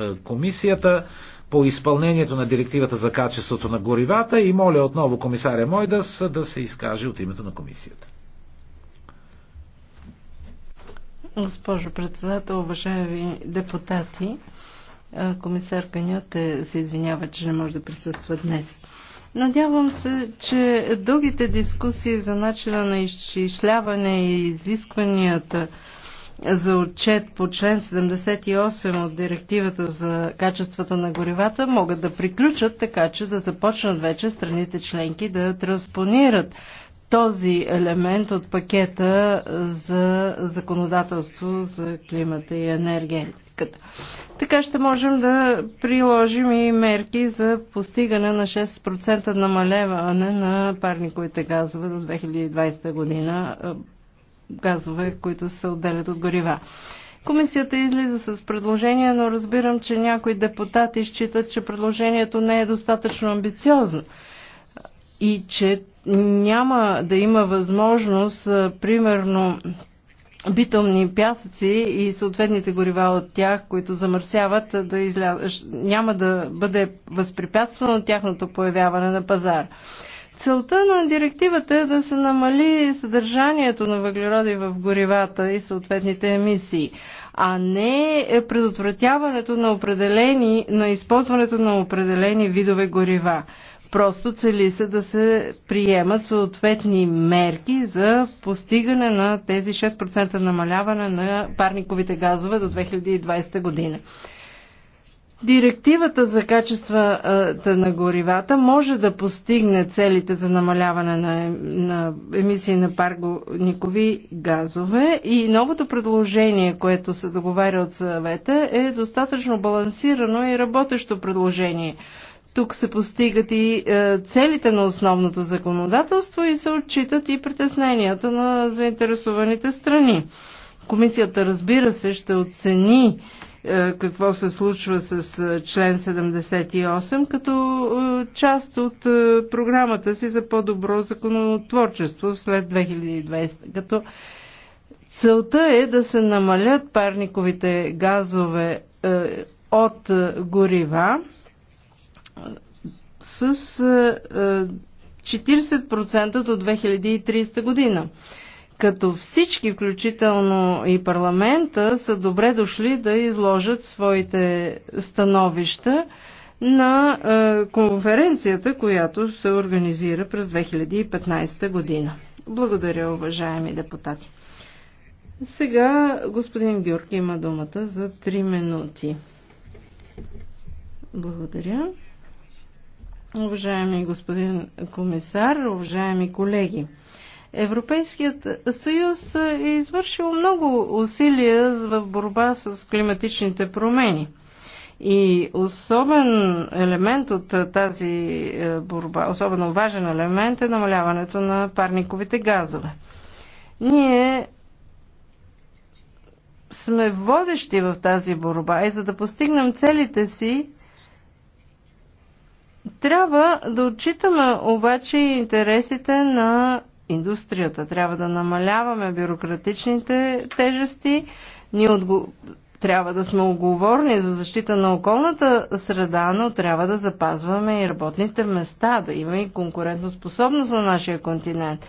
Е, комисията по изпълнението на директивата за качеството на горивата и моля отново комисаря Мойдас да се изкаже от името на комисията. Госпожо председател, уважаеми депутати, е, комисар Каньоте се извинява, че не може да присъства днес. Надявам се, че дългите дискусии за начина на изчисляване и изискванията за отчет по член 78 от директивата за качествата на горивата могат да приключат, така че да започнат вече страните членки да транспонират този елемент от пакета за законодателство за климата и енергетиката. Така ще можем да приложим и мерки за постигане на 6% намаляване на парниковите газове до 2020 година газове, които се отделят от горива. Комисията излиза с предложение, но разбирам, че някои депутати считат, че предложението не е достатъчно амбициозно и че няма да има възможност, примерно, битомни пясъци и съответните горива от тях, които замърсяват, да изля... няма да бъде възпрепятствано тяхното появяване на пазара. Целта на директивата е да се намали съдържанието на въглероди в горивата и съответните емисии, а не е предотвратяването на определени, на използването на определени видове горива. Просто цели се да се приемат съответни мерки за постигане на тези 6% намаляване на парниковите газове до 2020 година. Директивата за качествата на горивата може да постигне целите за намаляване на, на емисии на паргоникови газове и новото предложение, което се договаря от съвета, е достатъчно балансирано и работещо предложение. Тук се постигат и е, целите на основното законодателство и се отчитат и притесненията на заинтересованите страни. Комисията, разбира се, ще оцени е, какво се случва с е, член 78 като е, част от програмата си за по-добро законотворчество след 2020. Като целта е да се намалят парниковите газове от горива с 40% до 2030 година като всички, включително и парламента, са добре дошли да изложат своите становища на е, конференцията, която се организира през 2015 година. Благодаря, уважаеми депутати. Сега господин Гюрк има думата за 3 минути. Благодаря. Уважаеми господин комисар, уважаеми колеги, Европейският съюз е извършил много усилия в борба с климатичните промени. И особен елемент от тази е, борба, особено важен елемент е намаляването на парниковите газове. Ние сме водещи в тази борба и за да постигнем целите си, трябва да отчитаме обаче интересите на индустрията. Трябва да намаляваме бюрократичните тежести. Ние отго... трябва да сме отговорни за защита на околната среда, но трябва да запазваме и работните места, да има и конкурентоспособност на нашия континент.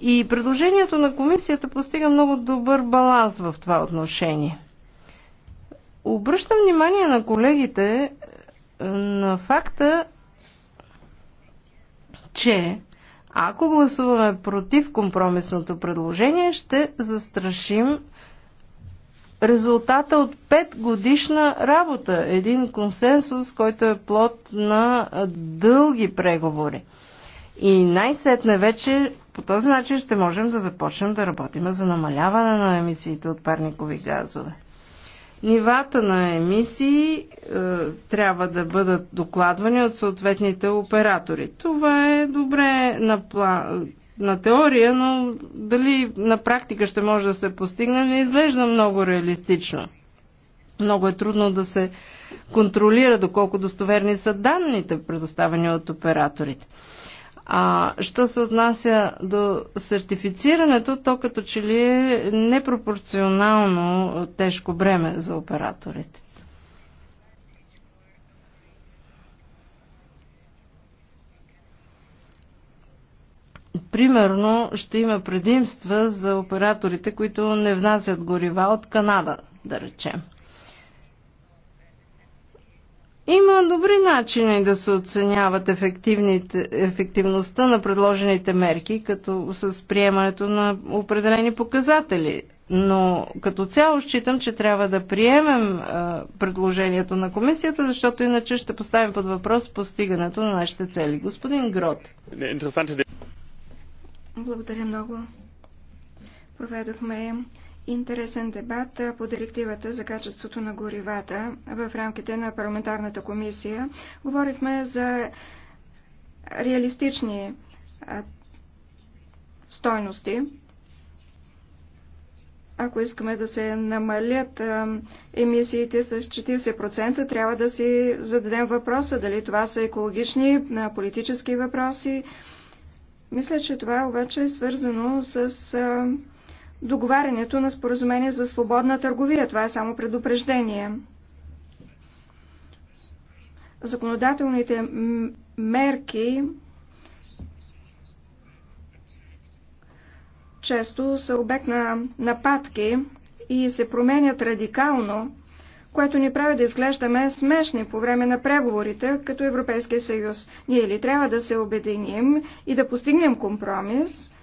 И предложението на комисията постига много добър баланс в това отношение. Обръщам внимание на колегите е, на факта, че ако гласуваме против компромисното предложение, ще застрашим резултата от 5 годишна работа. Един консенсус, който е плод на дълги преговори. И най-сетне вече по този начин ще можем да започнем да работим за намаляване на емисиите от парникови газове. Нивата на емисии е, трябва да бъдат докладвани от съответните оператори. Това е добре на, пла... на теория, но дали на практика ще може да се постигне, не изглежда много реалистично. Много е трудно да се контролира доколко достоверни са данните, предоставени от операторите. А що се отнася до сертифицирането, то като че ли е непропорционално тежко бреме за операторите. Примерно ще има предимства за операторите, които не внасят горива от Канада, да речем. Има добри начини да се оценяват ефективността на предложените мерки, като с приемането на определени показатели. Но като цяло считам, че трябва да приемем а, предложението на комисията, защото иначе ще поставим под въпрос постигането на нашите цели. Господин Грот. Благодаря много. Проведохме интересен дебат по директивата за качеството на горивата в рамките на парламентарната комисия. Говорихме за реалистични стойности. Ако искаме да се намалят емисиите с 40%, трябва да си зададем въпроса дали това са екологични, политически въпроси. Мисля, че това обаче е свързано с договарянето на споразумение за свободна търговия. Това е само предупреждение. Законодателните мерки често са обект на нападки и се променят радикално, което ни прави да изглеждаме смешни по време на преговорите като Европейския съюз. Ние ли трябва да се обединим и да постигнем компромис –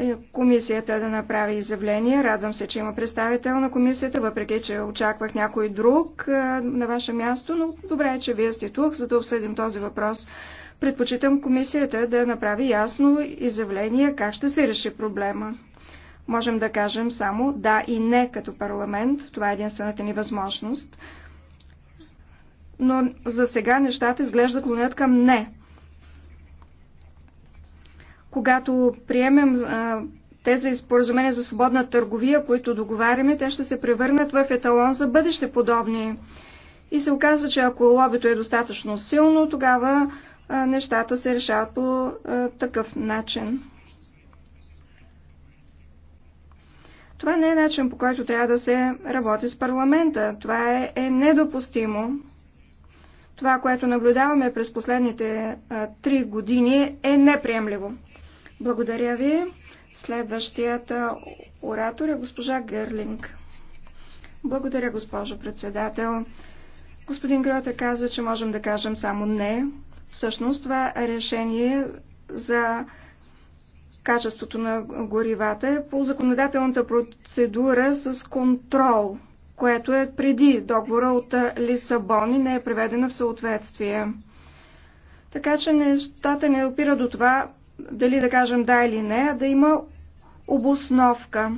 е, комисията да направи изявление. Радвам се, че има представител на комисията, въпреки че очаквах някой друг е, на ваше място, но добре е, че вие сте тук, за да обсъдим този въпрос. Предпочитам комисията да направи ясно изявление как ще се реши проблема. Можем да кажем само да и не като парламент. Това е единствената ни възможност. Но за сега нещата изглежда клонят към не когато приемем а, тези споразумения за свободна търговия, които договаряме, те ще се превърнат в еталон за бъдеще подобни. И се оказва, че ако лобито е достатъчно силно, тогава а, нещата се решават по а, такъв начин. Това не е начин, по който трябва да се работи с парламента. Това е, е недопустимо. Това, което наблюдаваме през последните а, три години, е неприемливо. Благодаря ви. Следващият оратор е госпожа Гърлинг. Благодаря, госпожо председател. Господин Гроте каза, че можем да кажем само не. Всъщност това решение за качеството на горивата е по законодателната процедура с контрол, което е преди договора от Лисабон и не е преведена в съответствие. Така че нещата не опира до това дали да кажем да или не, а да има обосновка.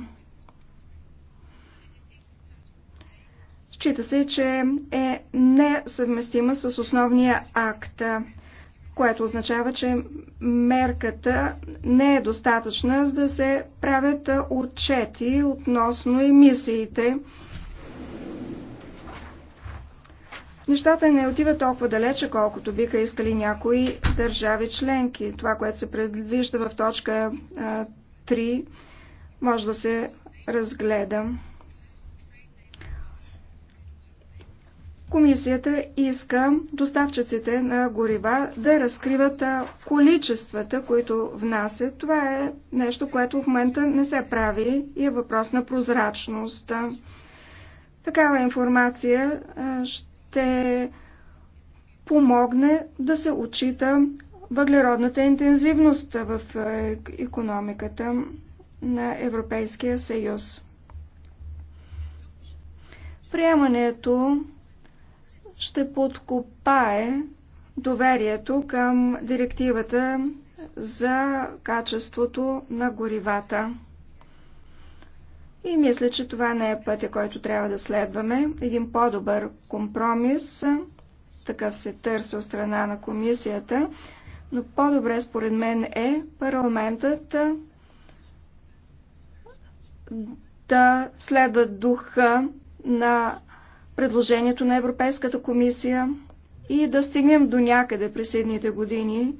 Счита се, че е несъвместима с основния акт, което означава, че мерката не е достатъчна, за да се правят отчети относно емисиите. Нещата не отиват толкова далече, колкото биха искали някои държави членки. Това, което се предвижда в точка 3, може да се разгледа. Комисията иска доставчиците на горива да разкриват количествата, които внасят. Това е нещо, което в момента не се прави и е въпрос на прозрачност. Такава информация ще ще помогне да се отчита въглеродната интензивност в економиката на Европейския съюз. Приемането ще подкопае доверието към директивата за качеството на горивата. И мисля, че това не е пътя, който трябва да следваме. Един по-добър компромис, такъв се търси от страна на комисията, но по-добре според мен е парламентът да следва духа на предложението на Европейската комисия и да стигнем до някъде през едните години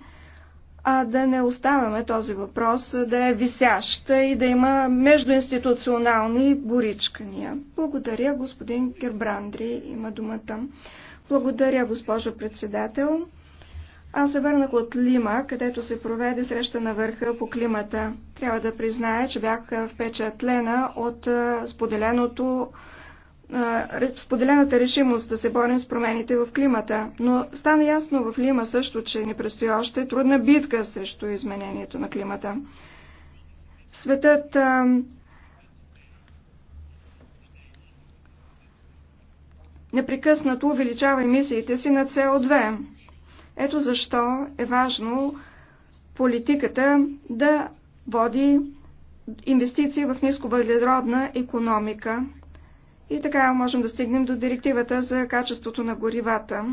а да не оставяме този въпрос да е висящ и да има междуинституционални боричкания. Благодаря, господин Гербрандри, има думата. Благодаря, госпожо председател. Аз се върнах от Лима, където се проведе среща на върха по климата. Трябва да призная, че бях впечатлена от споделеното споделената решимост да се борим с промените в климата. Но стана ясно в Лима също, че ни предстои още трудна битка срещу изменението на климата. Светът а, непрекъснато увеличава емисиите си на СО2. Ето защо е важно политиката да води инвестиции в нисковъглеродна економика и така можем да стигнем до директивата за качеството на горивата.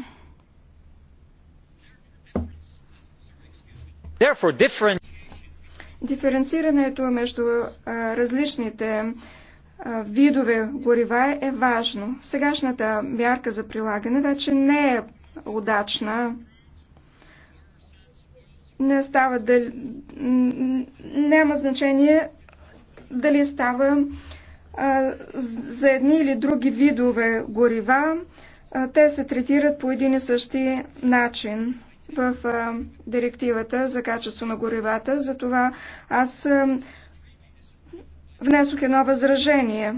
Диференцирането между различните видове горива е важно. Сегашната мярка за прилагане вече не е удачна. Не става дали... Няма значение дали става за едни или други видове горива, те се третират по един и същи начин в директивата за качество на горивата. Затова аз внесох едно възражение.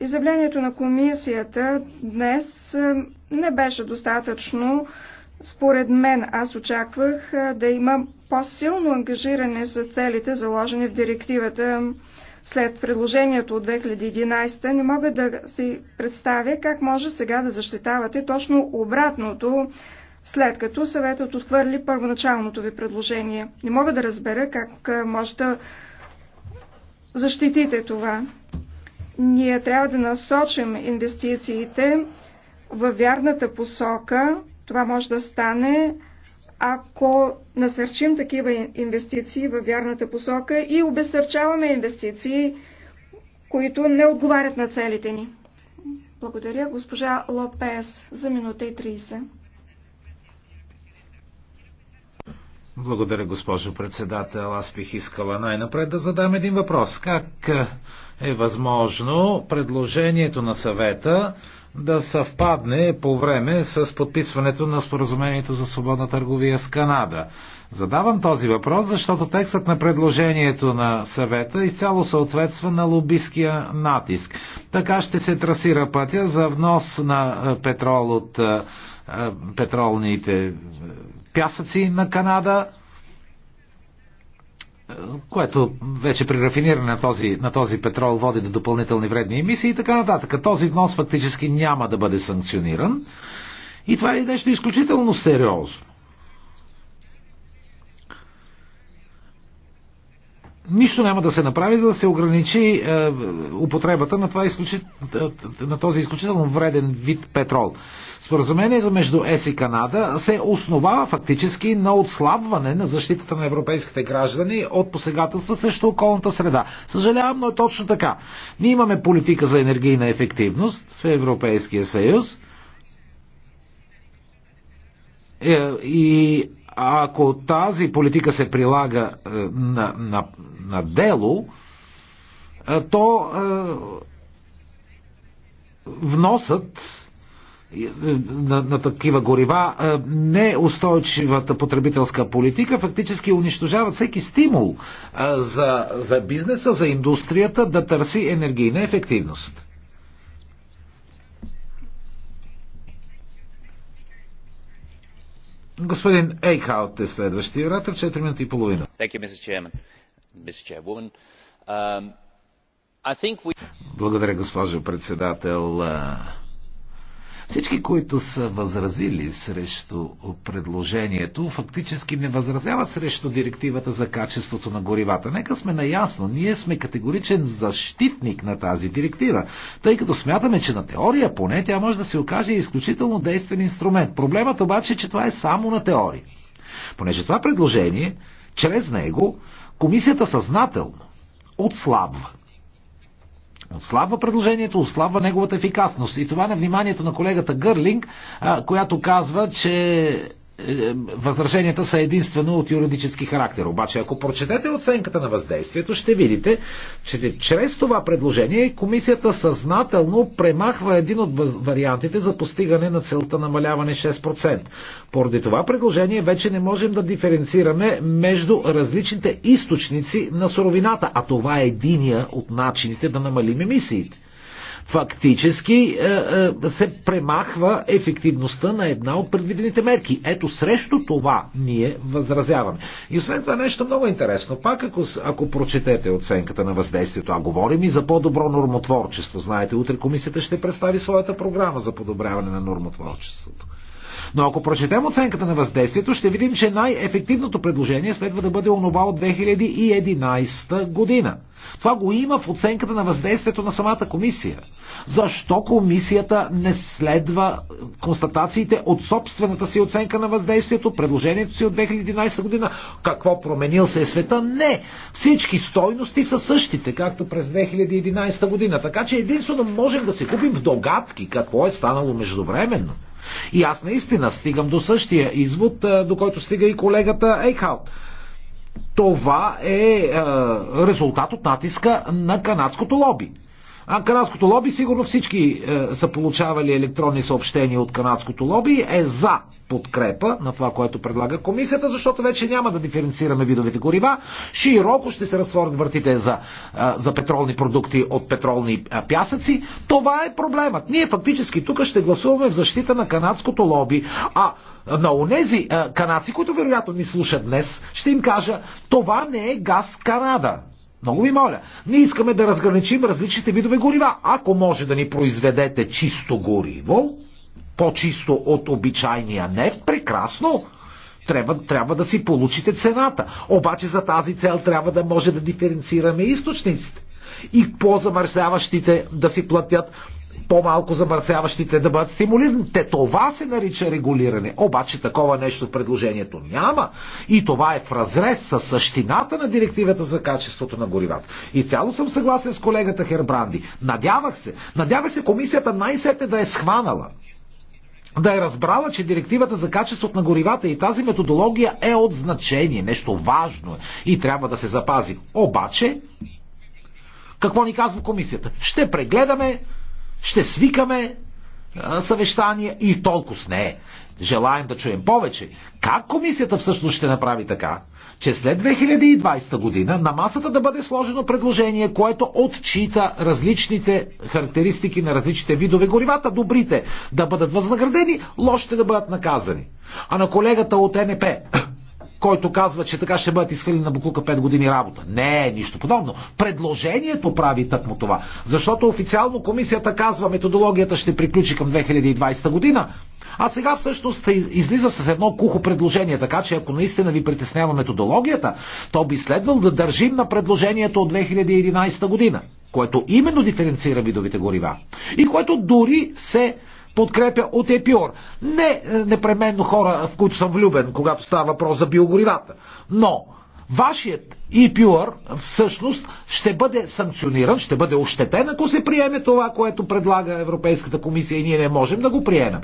Изявлението на комисията днес не беше достатъчно. Според мен аз очаквах да има по-силно ангажиране с целите, заложени в директивата след предложението от 2011, не мога да си представя как може сега да защитавате точно обратното, след като съветът отхвърли първоначалното ви предложение. Не мога да разбера как може да защитите това. Ние трябва да насочим инвестициите във вярната посока. Това може да стане ако насърчим такива инвестиции във вярната посока и обесърчаваме инвестиции, които не отговарят на целите ни. Благодаря, госпожа Лопес, за минута и 30. Благодаря, госпожо председател. Аз бих искала най-напред да задам един въпрос. Как е възможно предложението на съвета да съвпадне по време с подписването на споразумението за свободна търговия с Канада. Задавам този въпрос, защото текстът на предложението на съвета изцяло съответства на лобиския натиск. Така ще се трасира пътя за внос на петрол от петролните пясъци на Канада, което вече при рафиниране на този, на този петрол води до допълнителни вредни емисии и така нататък. Този внос фактически няма да бъде санкциониран. И това е нещо изключително сериозно. нищо няма да се направи, за да се ограничи е, употребата на, това изключит, на този изключително вреден вид петрол. Споразумението между ЕС и Канада се основава фактически на отслабване на защитата на европейските граждани от посегателства срещу околната среда. Съжалявам, но е точно така. Ние имаме политика за енергийна ефективност в Европейския съюз. Е, и а ако тази политика се прилага е, на, на, на дело, е, то е, вносът на, на такива горива, неустойчивата потребителска политика фактически унищожават всеки стимул за, за бизнеса, за индустрията да търси енергийна ефективност. Господин Ейхаут е следващия оратор, 4 минути и половина. Um, Благодаря, госпожо председател. Всички, които са възразили срещу предложението, фактически не възразяват срещу директивата за качеството на горивата. Нека сме наясно, ние сме категоричен защитник на тази директива, тъй като смятаме, че на теория поне тя може да се окаже изключително действен инструмент. Проблемът обаче е, че това е само на теория. Понеже това предложение, чрез него, комисията съзнателно отслабва Отслабва предложението, отслабва неговата ефикасност. И това на вниманието на колегата Гърлинг, която казва, че е, е, възраженията са единствено от юридически характер. Обаче, ако прочетете оценката на въздействието, ще видите, че чрез това предложение комисията съзнателно премахва един от вариантите за постигане на целта намаляване 6%. Поради това предложение вече не можем да диференцираме между различните източници на суровината, а това е единия от начините да намалим емисиите фактически е, е, се премахва ефективността на една от предвидените мерки. Ето срещу това ние възразяваме. И освен това нещо много интересно. Пак ако, ако прочетете оценката на въздействието, а говорим и за по-добро нормотворчество. Знаете, утре комисията ще представи своята програма за подобряване на нормотворчеството. Но ако прочетем оценката на въздействието, ще видим, че най-ефективното предложение следва да бъде онова от 2011 година. Това го има в оценката на въздействието на самата комисия. Защо комисията не следва констатациите от собствената си оценка на въздействието, предложението си от 2011 година? Какво променил се е света? Не! Всички стойности са същите, както през 2011 година. Така че единствено можем да се купим в догадки какво е станало междувременно. И аз наистина стигам до същия извод, до който стига и колегата Ейхалт това е, е резултат от натиска на канадското лоби. А канадското лоби, сигурно всички е, са получавали електронни съобщения от канадското лоби, е за подкрепа на това, което предлага комисията, защото вече няма да диференцираме видовете горива. Широко ще се разтворят въртите за, е, за петролни продукти от петролни е, пясъци. Това е проблемът. Ние фактически тук ще гласуваме в защита на канадското лоби, а на онези канадци, които вероятно ни слушат днес, ще им кажа, това не е газ Канада. Много ви моля, ние искаме да разграничим различните видове горива. Ако може да ни произведете чисто гориво, по-чисто от обичайния нефт, прекрасно. Трябва, трябва да си получите цената. Обаче за тази цел трябва да може да диференцираме източниците. И по-замърсяващите да си платят по-малко замърсяващите да бъдат стимулирани. Те това се нарича регулиране. Обаче такова нещо в предложението няма. И това е в разрез с същината на директивата за качеството на горивата. И цяло съм съгласен с колегата Хербранди. Надявах се. Надявах се комисията най сете да е схванала да е разбрала, че директивата за качеството на горивата и тази методология е от значение, нещо важно е и трябва да се запази. Обаче, какво ни казва комисията? Ще прегледаме ще свикаме съвещания и толкова с не е. Желаем да чуем повече. Как комисията всъщност ще направи така, че след 2020 година на масата да бъде сложено предложение, което отчита различните характеристики на различните видове горивата, добрите да бъдат възнаградени, лошите да бъдат наказани. А на колегата от НП, който казва, че така ще бъдат изхвърлени на Буклука 5 години работа. Не, е нищо подобно. Предложението прави тъкмо това. Защото официално комисията казва, методологията ще приключи към 2020 година, а сега всъщност излиза с едно кухо предложение, така че ако наистина ви притеснява методологията, то би следвал да държим на предложението от 2011 година, което именно диференцира видовите горива и което дори се подкрепя от ЕПИОР. Не е, непременно хора, в които съм влюбен, когато става въпрос за биогоривата. Но вашият Епиор всъщност ще бъде санкциониран, ще бъде ощетен, ако се приеме това, което предлага Европейската комисия и ние не можем да го приемем.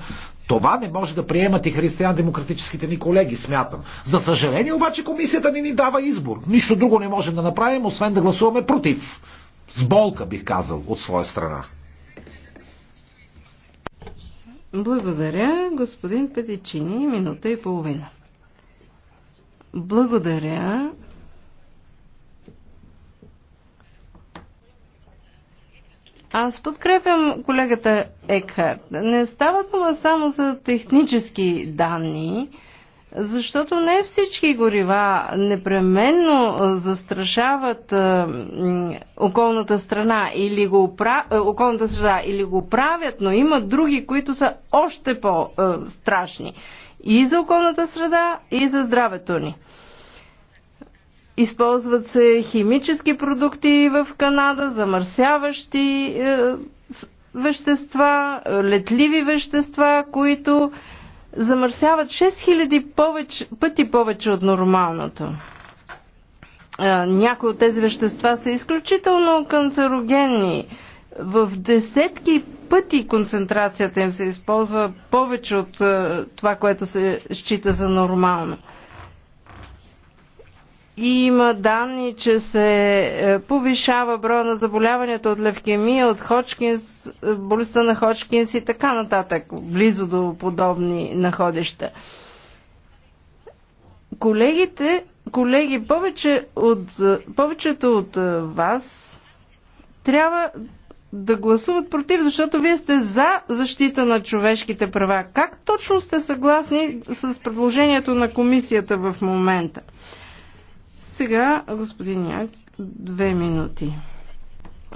Това не може да приемат и християн-демократическите ни колеги, смятам. За съжаление обаче комисията ни ни дава избор. Нищо друго не можем да направим, освен да гласуваме против. С болка, бих казал, от своя страна. Благодаря, господин Педичини, минута и половина. Благодаря. Аз подкрепям колегата Екхарт. Не става дума само за технически данни, защото не всички горива непременно застрашават околната страна или го, околната среда или го правят, но има други, които са още по-страшни и за околната среда, и за здравето ни. Използват се химически продукти в Канада, замърсяващи е, вещества, летливи вещества, които замърсяват 6000 повече, пъти повече от нормалното. Някои от тези вещества са изключително канцерогенни. В десетки пъти концентрацията им се използва повече от това, което се счита за нормално. И има данни, че се е, повишава броя на заболяванията от левкемия, от Ходжкинс, болестта на Ходжкинс и така нататък, близо до подобни находища. Колегите, колеги, повече от, повечето от е, вас трябва да гласуват против, защото вие сте за защита на човешките права. Как точно сте съгласни с предложението на комисията в момента? Сега, господин Як, две минути.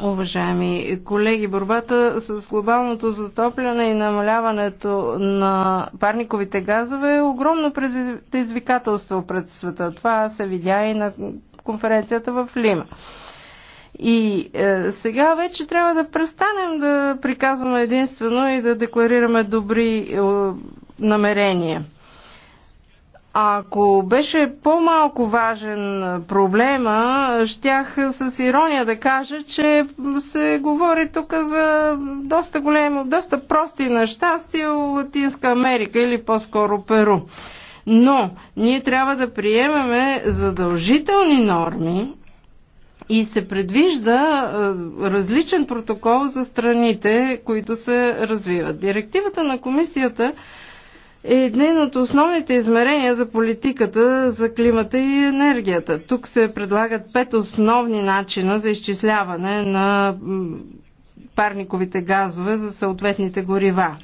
Уважаеми колеги, борбата с глобалното затопляне и намаляването на парниковите газове е огромно предизвикателство пред света. Това се видя и на конференцията в Лима. И е, сега вече трябва да престанем да приказваме единствено и да декларираме добри е, намерения. Ако беше по-малко важен проблема, щях с ирония да кажа, че се говори тук за доста големо, доста прости неща, стил Латинска Америка или по-скоро Перу. Но ние трябва да приемеме задължителни норми и се предвижда различен протокол за страните, които се развиват. Директивата на комисията е един от основните измерения за политиката за климата и енергията. Тук се предлагат пет основни начина за изчисляване на парниковите газове за съответните горива.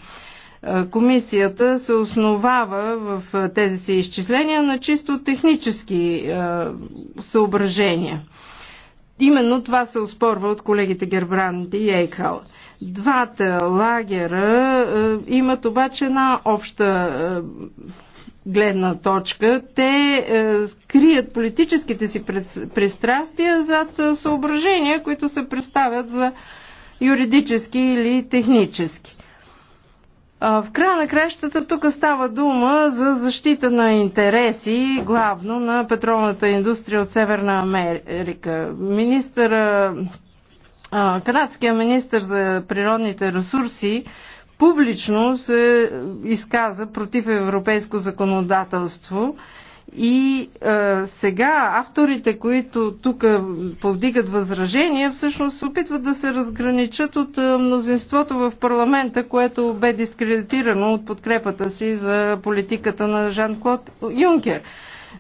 Е, комисията се основава в е, тези си изчисления на чисто технически е, съображения. Именно това се оспорва от колегите Гербранд и Ейхал. Двата лагера е, имат обаче една обща е, гледна точка. Те е, крият политическите си пристрастия зад съображения, които се представят за юридически или технически. В края на кращата тук става дума за защита на интереси, главно на петролната индустрия от Северна Америка. Министъра, канадския министр за природните ресурси публично се изказа против европейско законодателство и а, е, сега авторите, които тук повдигат възражения, всъщност се опитват да се разграничат от а, е, мнозинството в парламента, което бе дискредитирано от подкрепата си за политиката на Жан-Клод Юнкер.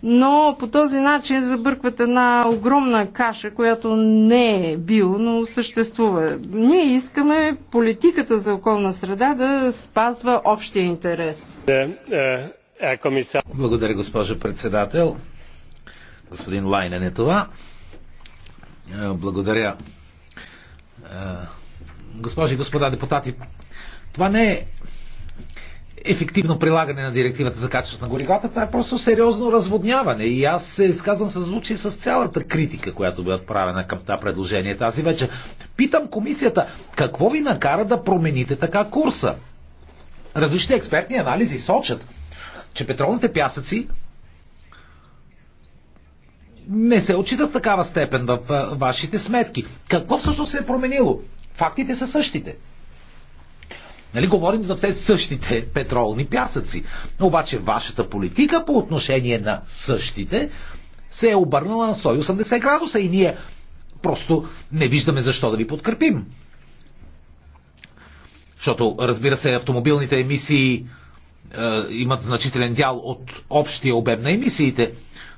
Но по този начин забъркват една огромна каша, която не е бил, но съществува. Ние искаме политиката за околна среда да спазва общия интерес. да е, е, благодаря, госпожо председател. Господин Лайнен е това. Е, благодаря. Е, госпожи и господа депутати, това не е ефективно прилагане на директивата за качеството на горивата, това е просто сериозно разводняване. И аз се изказвам със звучи с цялата критика, която бе отправена към това предложение тази вече. Питам комисията, какво ви накара да промените така курса? Различни експертни анализи сочат, че петролните пясъци не се отчитат в такава степен в вашите сметки. Какво всъщност се е променило? Фактите са същите. Нали, говорим за все същите петролни пясъци. Обаче вашата политика по отношение на същите се е обърнала на 180 градуса и ние просто не виждаме защо да ви подкрепим. Защото, разбира се, автомобилните емисии е, имат значителен дял от общия обем на емисиите.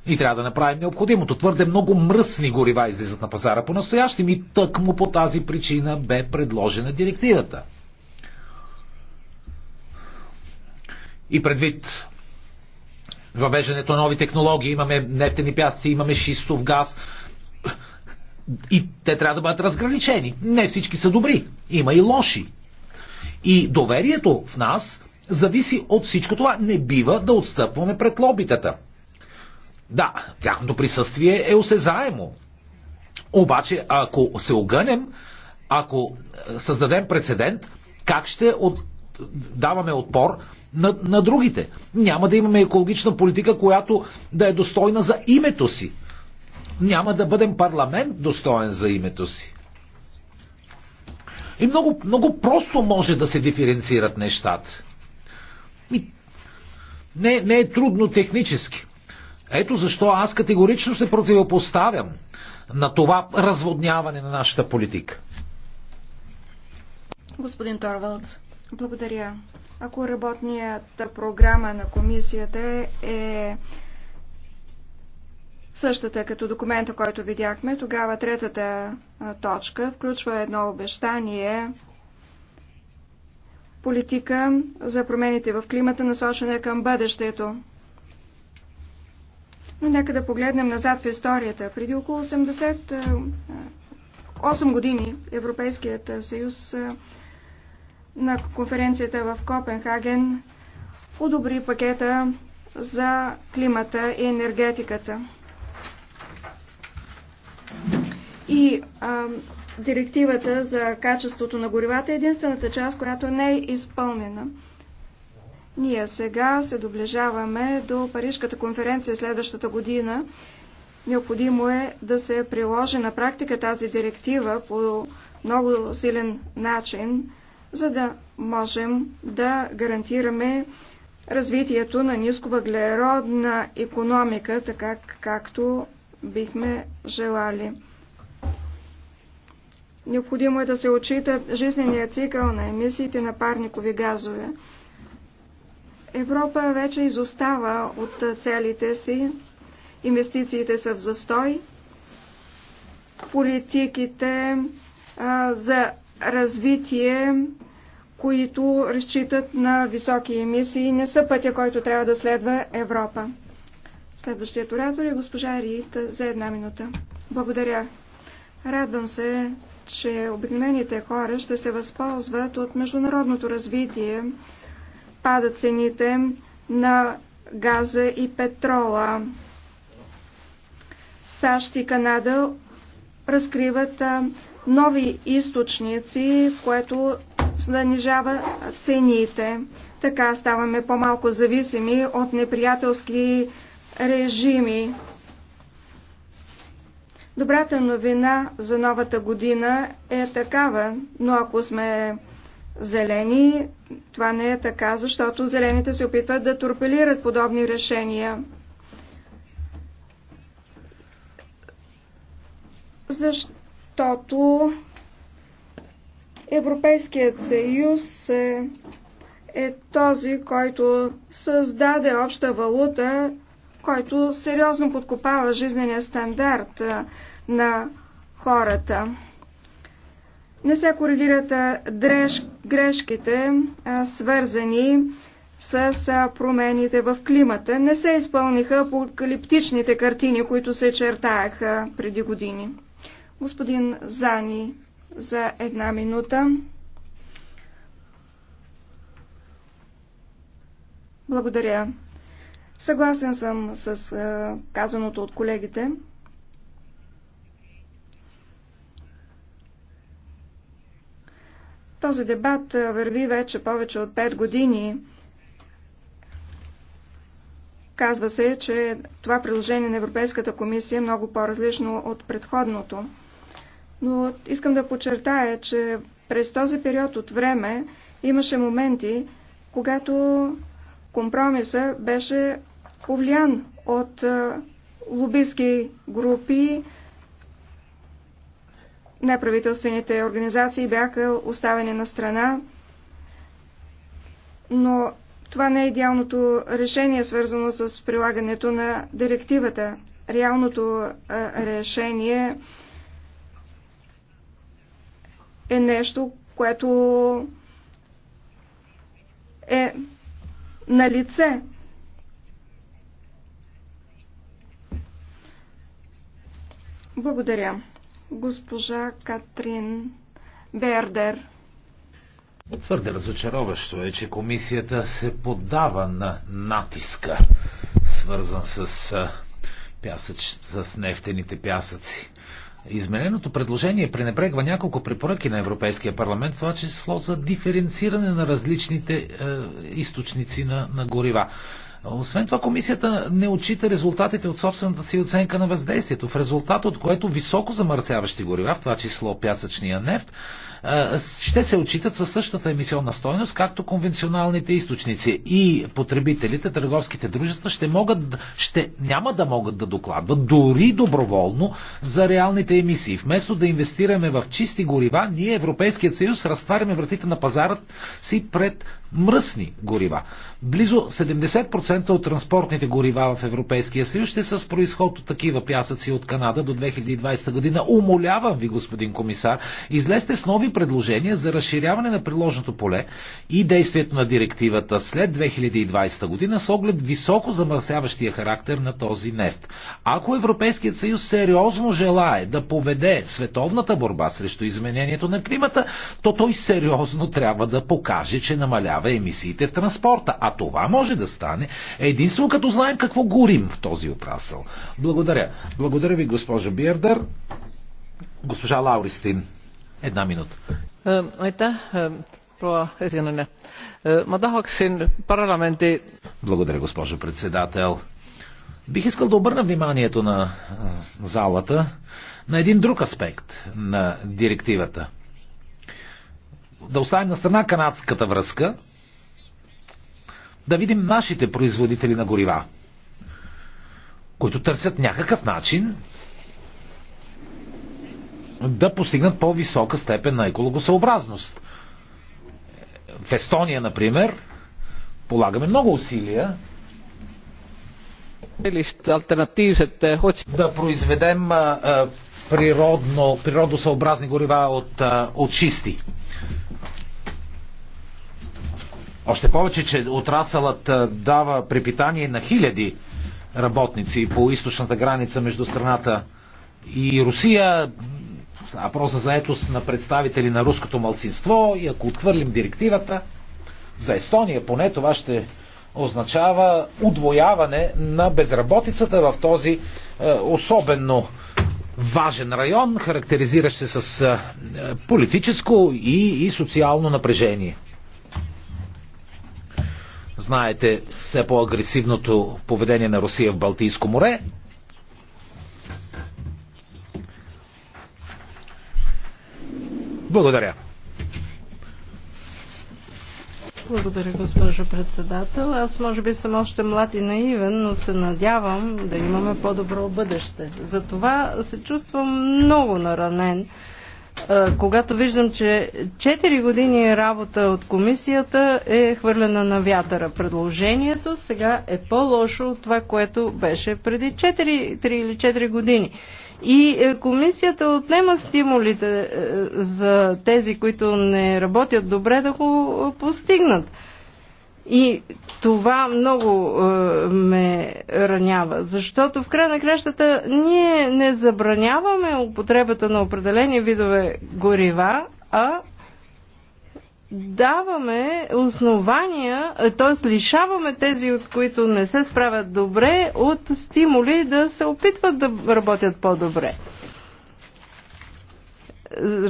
И трябва да направим необходимото. Твърде много мръсни горива излизат на пазара по настоящим и тъкмо по тази причина бе предложена директивата. И предвид въвеждането на нови технологии, имаме нефтени пясъци, имаме шистов газ и те трябва да бъдат разграничени. Не всички са добри, има и лоши. И доверието в нас зависи от всичко това. Не бива да отстъпваме пред лобитата. Да, тяхното присъствие е осезаемо. Обаче, ако се огънем, ако е, създадем прецедент, как ще от... даваме отпор на, на другите? Няма да имаме екологична политика, която да е достойна за името си. Няма да бъдем парламент достоен за името си. И много, много просто може да се диференцират нещата. Не, не е трудно технически. Ето защо аз категорично се противопоставям на това разводняване на нашата политика. Господин Торвалдс, благодаря. Ако работният програма на комисията е същата като документа, който видяхме, тогава третата точка включва едно обещание политика за промените в климата, насочена към бъдещето. Но нека да погледнем назад в историята. Преди около 88 години Европейският съюз на конференцията в Копенхаген одобри пакета за климата и енергетиката. И а, директивата за качеството на горивата е единствената част, която не е изпълнена. Ние сега се доближаваме до Парижката конференция следващата година. Необходимо е да се приложи на практика тази директива по много силен начин, за да можем да гарантираме развитието на нисковъглеродна економика, така както бихме желали. Необходимо е да се отчита жизненият цикъл на емисиите на парникови газове. Европа вече изостава от целите си. Инвестициите са в застой. Политиките а, за развитие, които разчитат на високи емисии, не са пътя, който трябва да следва Европа. Следващият оратор е госпожа Рита за една минута. Благодаря. Радвам се, че обикновените хора ще се възползват от международното развитие, падат цените на газа и петрола. САЩ и Канада разкриват нови източници, което занижава цените. Така ставаме по-малко зависими от неприятелски режими. Добрата новина за новата година е такава, но ако сме зелени, това не е така, защото зелените се опитват да торпелират подобни решения. Защото Европейският съюз е, е този, който създаде обща валута който сериозно подкопава жизнения стандарт на хората. Не се коригират дреш, грешките, свързани с промените в климата. Не се изпълниха апокалиптичните картини, които се чертаяха преди години. Господин Зани, за една минута. Благодаря. Съгласен съм с казаното от колегите. Този дебат върви вече повече от 5 години. Казва се, че това предложение на Европейската комисия е много по-различно от предходното. Но искам да подчертая, че през този период от време имаше моменти, когато компромиса беше повлиян от лобистски групи. Неправителствените организации бяха оставени на страна, но това не е идеалното решение, свързано с прилагането на директивата. Реалното решение е нещо, което е на лице Благодаря. Госпожа Катрин Бердер. Твърде разочароващо е, че комисията се поддава на натиска, свързан с, пясъч, с нефтените пясъци. Измененото предложение пренебрегва няколко препоръки на Европейския парламент, това число за диференциране на различните е, източници на, на горива. Освен това, комисията не отчита резултатите от собствената си оценка на въздействието, в резултат от което високо замърсяващи горива, в това число пясъчния нефт, ще се отчитат със същата емисионна стойност, както конвенционалните източници. И потребителите, търговските дружества ще могат, ще, няма да могат да докладват дори доброволно за реалните емисии. Вместо да инвестираме в чисти горива, ние, Европейският съюз, разтваряме вратите на пазарът си пред мръсни горива. Близо 70% от транспортните горива в Европейския съюз ще са с происход от такива пясъци от Канада до 2020 година. Умолявам ви, господин комисар, излезте с нови предложения за разширяване на приложното поле и действието на директивата след 2020 година с оглед високо замърсяващия характер на този нефт. Ако Европейският съюз сериозно желае да поведе световната борба срещу изменението на климата, то той сериозно трябва да покаже, че намалява намалява емисиите в транспорта. А това може да стане единствено като знаем какво горим в този отрасъл. Благодаря. Благодаря ви, госпожо Биердър. Госпожа Лауристин, една минута. Aitäh, proua esineja. Ma tahaksin Благодаря, госпожо председател. Бих искал да обърна вниманието на залата на един друг аспект на директивата. Да оставим на страна канадската връзка, да видим нашите производители на горива, които търсят някакъв начин да постигнат по-висока степен на екологосъобразност. В Естония, например, полагаме много усилия eh, да произведем а, природно, природосъобразни горива от, а, от шисти. Още повече, че отрасълът дава препитание на хиляди работници по източната граница между страната и Русия. Въпроса за етос на представители на руското малцинство и ако отхвърлим директивата, за Естония поне това ще означава удвояване на безработицата в този е, особено важен район, характеризиращ се с е, политическо и, и социално напрежение. Знаете все по-агресивното поведение на Русия в Балтийско море. Благодаря. Благодаря, госпожо председател. Аз може би съм още млад и наивен, но се надявам да имаме по-добро бъдеще. Затова се чувствам много наранен когато виждам, че 4 години работа от комисията е хвърлена на вятъра. Предложението сега е по-лошо от това, което беше преди 4, 3 или 4 години. И е, комисията отнема стимулите е, за тези, които не работят добре, да го е, постигнат. И това много е, ме ранява, защото в край на кращата ние не забраняваме употребата на определени видове горива, а даваме основания, е, т.е. лишаваме тези, от които не се справят добре, от стимули да се опитват да работят по-добре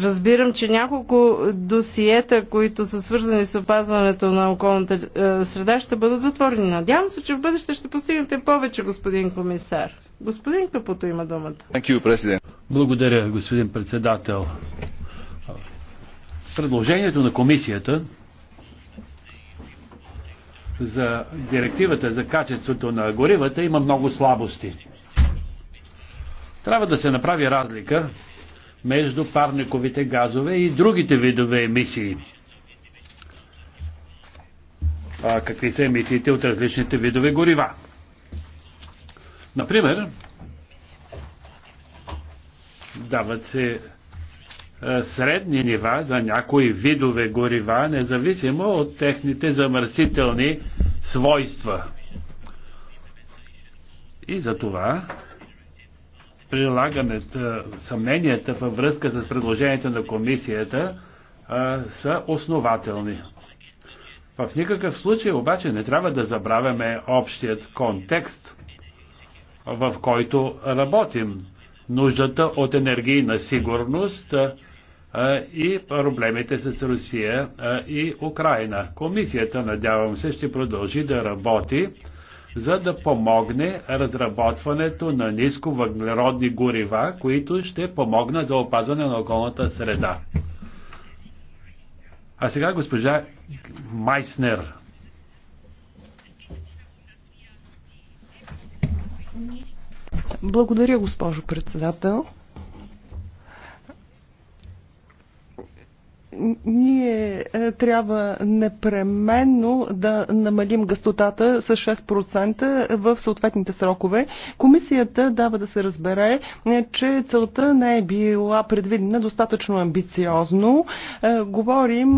разбирам, че няколко досиета, които са свързани с опазването на околната е, среда, ще бъдат затворени. Надявам се, че в бъдеще ще постигнете повече, господин комисар. Господин Капото има думата. You, Благодаря, господин председател. Предложението на комисията за директивата за качеството на горивата има много слабости. Трябва да се направи разлика между парниковите газове и другите видове емисии. А, какви са емисиите от различните видове горива? Например, дават се средни нива за някои видове горива, независимо от техните замърсителни свойства. И за това прилагането, съмненията във връзка с предложението на комисията а, са основателни. В никакъв случай обаче не трябва да забравяме общият контекст, в който работим. Нуждата от енергийна сигурност а, и проблемите с Русия а, и Украина. Комисията, надявам се, ще продължи да работи за да помогне разработването на ниско въглеродни горива, които ще помогнат за опазване на околната среда. А сега госпожа Майснер. Благодаря, госпожо председател. ние е, трябва непременно да намалим гъстотата с 6% в съответните срокове. Комисията дава да се разбере, е, че целта не е била предвидена достатъчно амбициозно. Е, говорим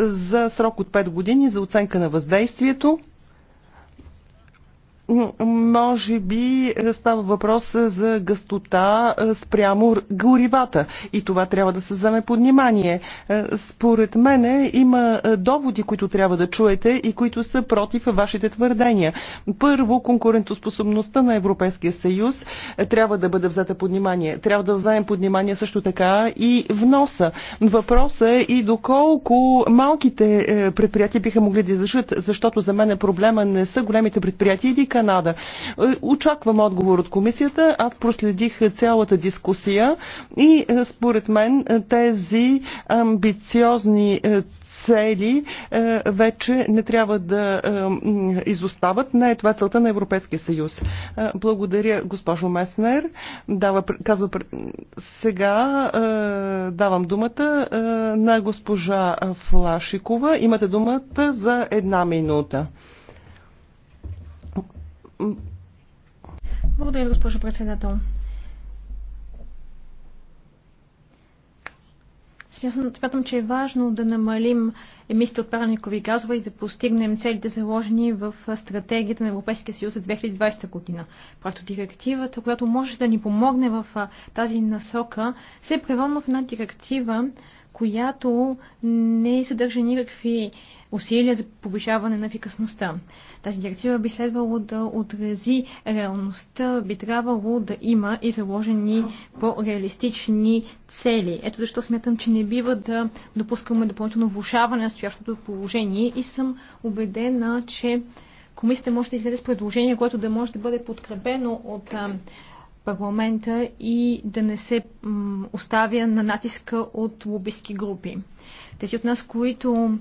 за срок от 5 години за оценка на въздействието. Може би става въпрос за гъстота спрямо горивата и това трябва да се вземе под внимание. Според мене има доводи, които трябва да чуете и които са против вашите твърдения. Първо, конкурентоспособността на Европейския съюз трябва да бъде взета под внимание. Трябва да вземем под внимание също така и вноса. Въпросът е и доколко малките е, предприятия биха могли да издържат, защото за мен проблема не са големите предприятия или изненада. Е, очаквам отговор от комисията. Аз проследих е, цялата дискусия и е, според мен тези амбициозни цели вече не трябва да изостават. Не е това целта на Европейския съюз. Благодаря, госпожо Меснер. Дава, казва, сега давам думата на госпожа Флашикова. Имате думата за една минута. Благодаря, госпожо председател. Смятам, че е важно да намалим емисиите от парникови газове и да постигнем целите заложени в стратегията на Европейския съюз за 2020 година. Проекто директивата, която може да ни помогне в тази насока, се е превърна в една директива, която не съдържа никакви усилия за повишаване на ефикасността. Тази директива би следвало да отрази реалността, би трябвало да има и заложени по-реалистични цели. Ето защо смятам, че не бива да допускаме допълнително влушаване на стоящото положение и съм убедена, че комисията може да излезе с предложение, което да може да бъде подкрепено от парламента и да не се оставя на натиска от лобистки групи. Тези от нас, които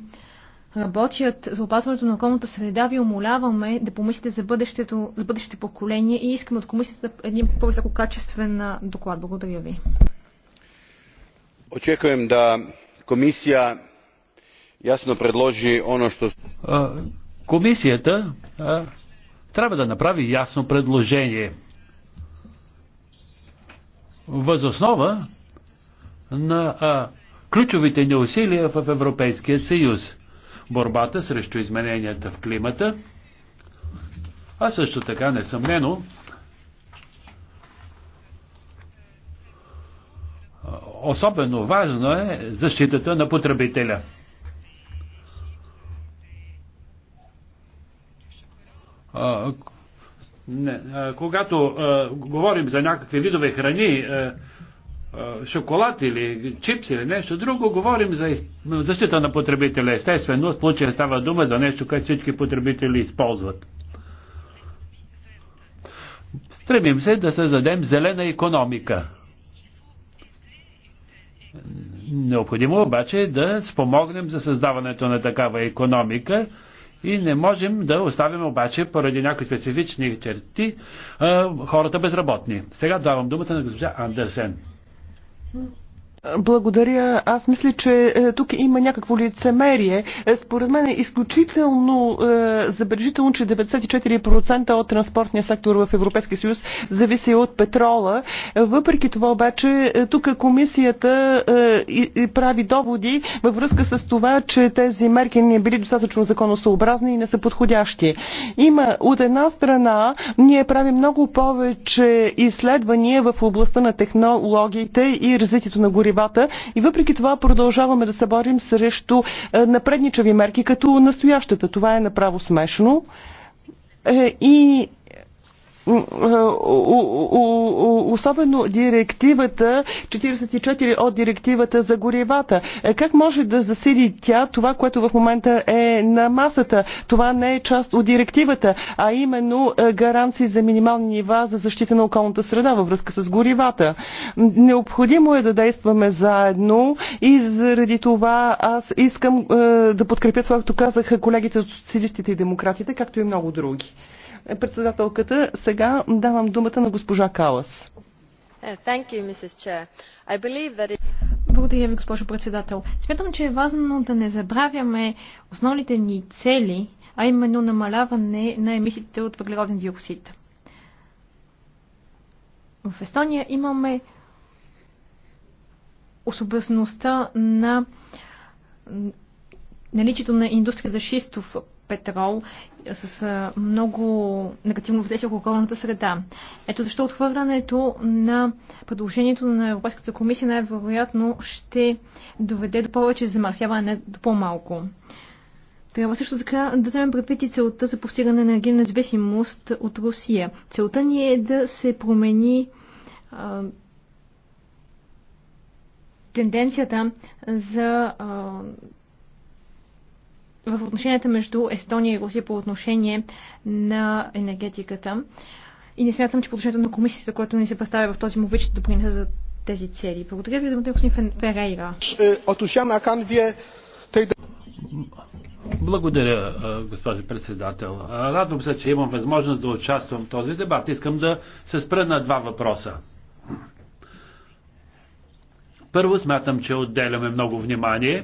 работят за опазването на околната среда, ви умоляваме да помислите за бъдещето, за бъдещите поколения и искаме от комисията един по-висококачествен доклад. Благодаря ви. Очекуjem да комисия ясно предложи оно, що... Комисията а, трябва да направи ясно предложение възоснова на а, ключовите ни усилия в Европейския съюз. Борбата срещу измененията в климата, а също така, несъмнено, особено важно е защитата на потребителя. Не. А, когато а, говорим за някакви видове храни, а, а, шоколад или чипс или нещо друго, говорим за защита на потребителя. Естествено, в случая става дума за нещо, което всички потребители използват. Стремим се да създадем зелена економика. Необходимо обаче да спомогнем за създаването на такава економика, и не можем да оставим обаче, поради някои специфични черти, хората безработни. Сега давам думата на госпожа Андерсен. Благодаря. Аз мисля, че е, тук има някакво лицемерие. Е, според мен е изключително е, забележително, че 94% от транспортния сектор в Европейския съюз зависи от петрола. Е, въпреки това обаче, тук комисията е, прави доводи във връзка с това, че тези мерки не били достатъчно законосообразни и не са подходящи. Има от една страна, ние правим много повече изследвания в областта на технологиите и развитието на горивата горивата и въпреки това продължаваме да се борим срещу е, напредничави мерки, като настоящата. Това е направо смешно. Е, и особено директивата 44 от директивата за горивата. Е, как може да засили тя това, което в момента е на масата? Това не е част от директивата, а именно е, гаранции за минимални нива за защита на околната среда във връзка с горивата. Необходимо е да действаме заедно и заради това аз искам е, да подкрепя това, което казаха колегите от социалистите и демократите, както и много други. Председателката, сега давам думата на госпожа Калас. Е, you, it... Благодаря ви, госпожо председател. Смятам, че е важно да не забравяме основните ни цели, а именно намаляване на емисиите от въглероден диоксид. В Естония имаме особеността на наличието на индустрия за шистов петрол с много негативно въздействие около околната среда. Ето защо отхвърлянето на предложението на Европейската комисия най-вероятно ще доведе до повече замърсяване, не до по-малко. Трябва също така да вземем предвид и целта за постигане на енергийна независимост от Русия. Целта ни е да се промени а, тенденцията за а, в отношенията между Естония и Русия по отношение на енергетиката. И не смятам, че положението на комисията, което ни се представя в този му вид, ще допринесе за тези цели. Благодаря ви, думата господин Ферейра. Благодаря, госпожо председател. Радвам се, че имам възможност да участвам в този дебат. Искам да се спра на два въпроса. Първо смятам, че отделяме много внимание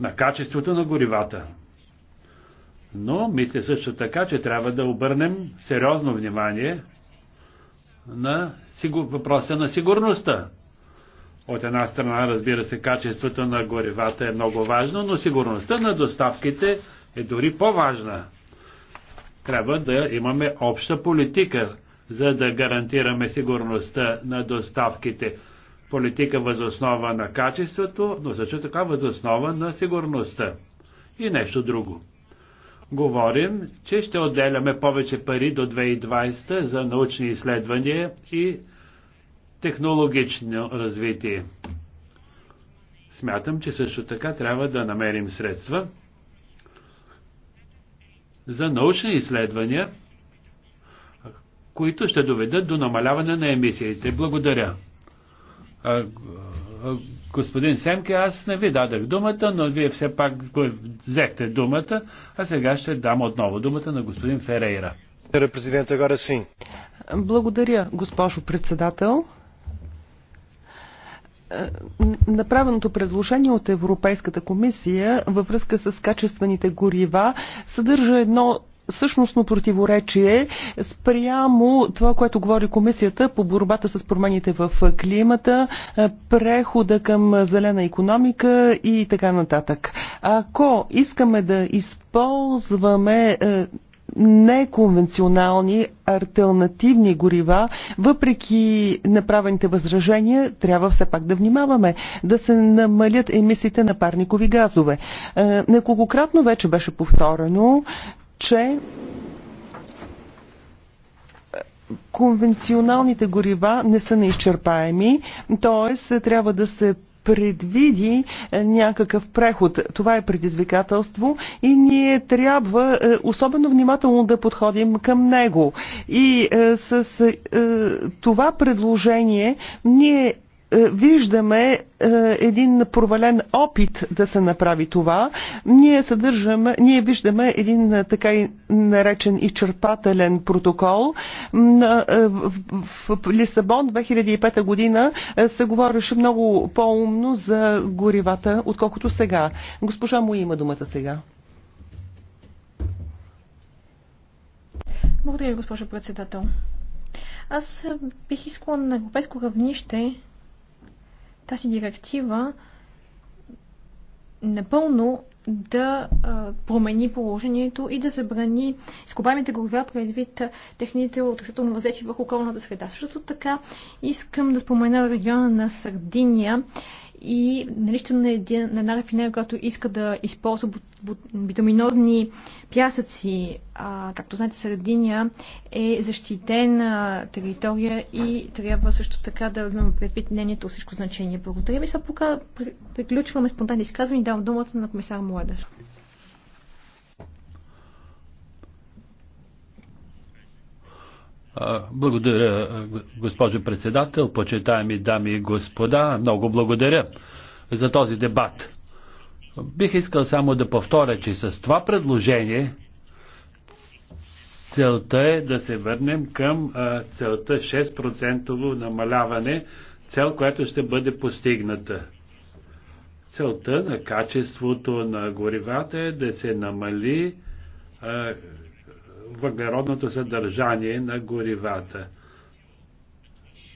на качеството на горивата. Но мисля също така, че трябва да обърнем сериозно внимание на въпроса на сигурността. От една страна, разбира се, качеството на горевата е много важно, но сигурността на доставките е дори по-важна. Трябва да имаме обща политика, за да гарантираме сигурността на доставките. Политика възоснова на качеството, но също така възоснова на сигурността. И нещо друго говорим, че ще отделяме повече пари до 2020 за научни изследвания и технологично развитие. Смятам, че също така трябва да намерим средства за научни изследвания, които ще доведат до намаляване на емисиите. Благодаря. Господин Семке, аз не ви дадах думата, но вие все пак взехте думата, а сега ще дам отново думата на господин Ферейра. Благодаря, госпожо председател. Е, направеното предложение от Европейската комисия във връзка с качествените горива съдържа едно същностно противоречие спрямо това, което говори комисията по борбата с промените в климата, е, прехода към зелена економика и така нататък. Ако искаме да използваме е, неконвенционални альтернативни горива, въпреки направените възражения, трябва все пак да внимаваме да се намалят емисиите на парникови газове. Е, неколкократно вече беше повторено, че е, конвенционалните горива не са неизчерпаеми, т.е. трябва да се предвиди е, някакъв преход. Това е предизвикателство и ние трябва е, особено внимателно да подходим към него. И с това предложение ние е, виждаме е, един провален опит да се направи това. Ние, съдържаме, ние виждаме един е, така наречен изчерпателен протокол. В Лисабон 2005 година се говореше много по-умно за горивата, отколкото сега. Госпожа му има думата сега. Благодаря, госпожо председател. Аз бих искала на европейско равнище тази директива напълно да промени положението и да забрани изкопаемите горива предвид техните отрицателно въздействие върху околната среда. Същото така искам да спомена региона на Сардиния и наличието на, един, на една рафинерия, която иска да използва витаминозни пясъци, а, както знаете, срединия е защитена територия и трябва също така да имаме предвид нейното всичко значение. Благодаря ви. Сега пока приключваме спонтанни изказвания и давам думата на комисар Младеж. Благодаря, госпожо председател, почитаеми дами и господа. Много благодаря за този дебат. Бих искал само да повторя, че с това предложение целта е да се върнем към целта 6% намаляване, цел, която ще бъде постигната. Целта на качеството на горивата е да се намали въглеродното съдържание на горивата.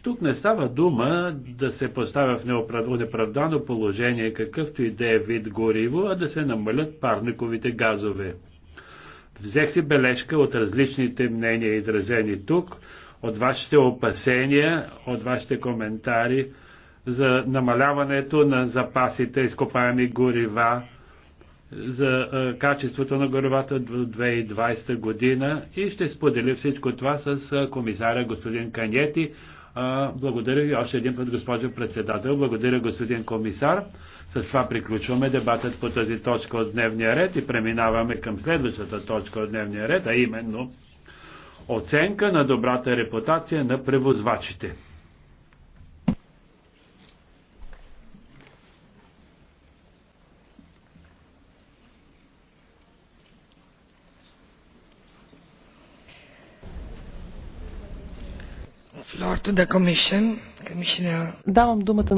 Тук не става дума да се поставя в неоправдано положение какъвто и да е вид гориво, а да се намалят парниковите газове. Взех си бележка от различните мнения, изразени тук, от вашите опасения, от вашите коментари за намаляването на запасите изкопаеми горива за качеството на горевата в 2020 година и ще споделя всичко това с комисаря господин Канети. Благодаря ви още един път, госпожо председател. Благодаря, господин комисар. С това приключваме дебатът по тази точка от дневния ред и преминаваме към следващата точка от дневния ред, а именно оценка на добрата репутация на превозвачите. Давам думата